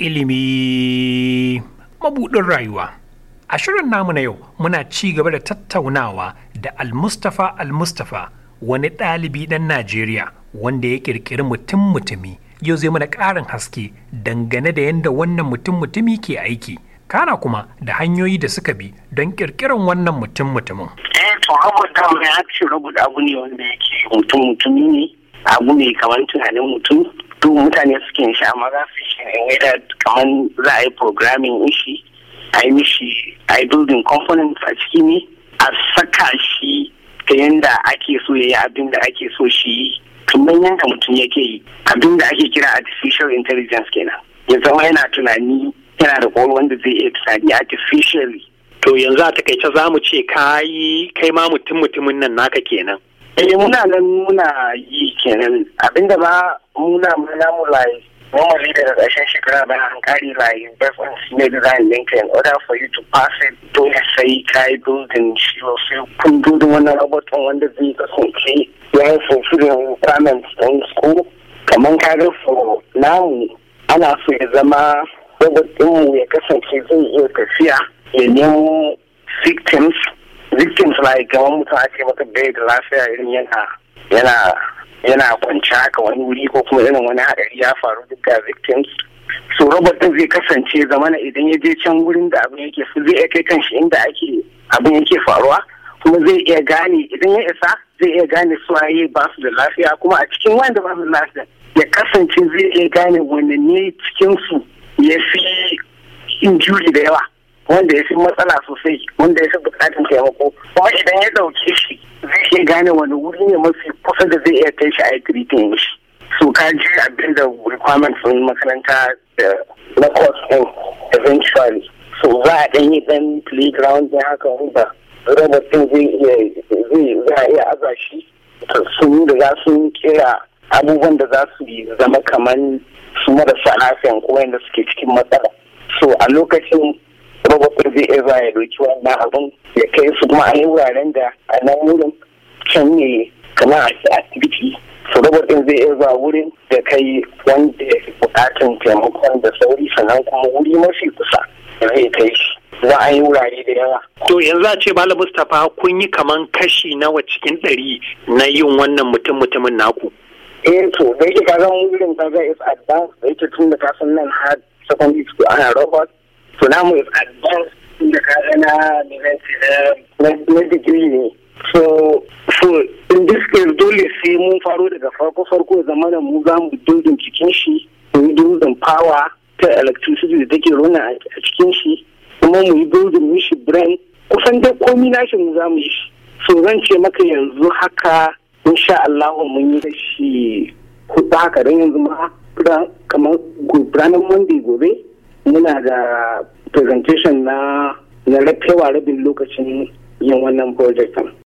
ilimi mabuɗin rayuwa. A shirin namu na yau muna ci gaba da tattaunawa da Almustafa Almustafa wani ɗalibi ɗan Najeriya wanda ya ƙirƙiri mutum mutumi yau zai mana ƙarin haske dangane da yadda wannan mutum mutumi ke aiki. Kana kuma da hanyoyi da suka bi don ƙirƙirar wannan mutum mutumin. Eh to rubuta mai hakki rubuta abu ne wanda yake mutum mutumi ne abu ne kamar tunanin mutum duk mutane suke sha su ne whether kaman za a yi programming shi a yi mishi a yi building components a ciki ne a saka shi ta yadda ake so ya yi abin da ake so shi yi tunan yadda mutum yake yi abin da ake kira artificial intelligence kenan ya zama yana tunani yana da kwalwa wanda zai iya tunani artificially to yanzu a takaice za mu ce ka yi kai ma mutum mutumin nan naka kenan eh muna nan muna yi kenan abinda ba muna muna mulai normal leaders shekara shekara Graba and Kariba is reference made Ryan Lincoln. In order for you to pass it, don't say Kai building, she will feel couldn't do the one robot on one the vehicle. Okay, fulfilling requirements in school. Kamar kaga for namu ana so ya zama robot mu ya kasance zai iya tafiya ya nemo victims victims like kamar mutum ake mata bai da lafiya irin yana yana yana kwanci haka wani wuri ko kuma irin wani haɗari ya faru duk ga victims so robot din zai kasance zamana idan ya je can wurin da abin yake zai iya kai kanshi inda ake abin yake faruwa kuma zai iya gane idan ya isa zai iya gane su waye ba su da lafiya kuma a cikin wanda ba su da lafiya ya kasance zai iya gane wani ne cikin su ya fi injuri da yawa wanda ya fi matsala sosai wanda ya fi bukatun taimako kuma idan ya ɗauke shi zai iya gane wani wuri ne mafi kusa da zai iya kai shi a yi shi so ka ji abin da requirements sun makaranta da na course din eventually so za a ɗan yi ɗan playground ne haka wanda raba sun zai iya za iya aza shi sun da za su kera abubuwan da za su yi zama kamar su marasa lafiyan ko wanda suke cikin matsala so a lokacin babbar zai iya ya doki wannan abin ya kai su kuma a yi wuraren da a nan wurin can ne kamar a asibiti su babbar ɗin zai iya wurin da kai wanda ya bukatan taimakon da sauri sannan kuma wuri mafi kusa zai kai shi za a yi wurare da yawa. To yanzu a ce Bala Mustapha kun yi kaman kashi nawa cikin ɗari na yin wannan mutum mutumin naku. Eh to da yake zama wurin kaga is advanced da yake tun da kasan nan har secondary school ana robot to namu advanced da kaga na eh, na digiri ne so so in this case dole sai mun faro daga farko farko zama za mu zamu dudun cikin shi mu yi power ta electricity da take runa a cikin shi kuma mu yi dudun mishi brain kusan dai komi nashi mu yi so zan ce maka yanzu haka insha Allah mun yi shi hudu haka don yanzu ma kamar ranar Monday gobe muna da presentation na na rabin lokacin yin wannan project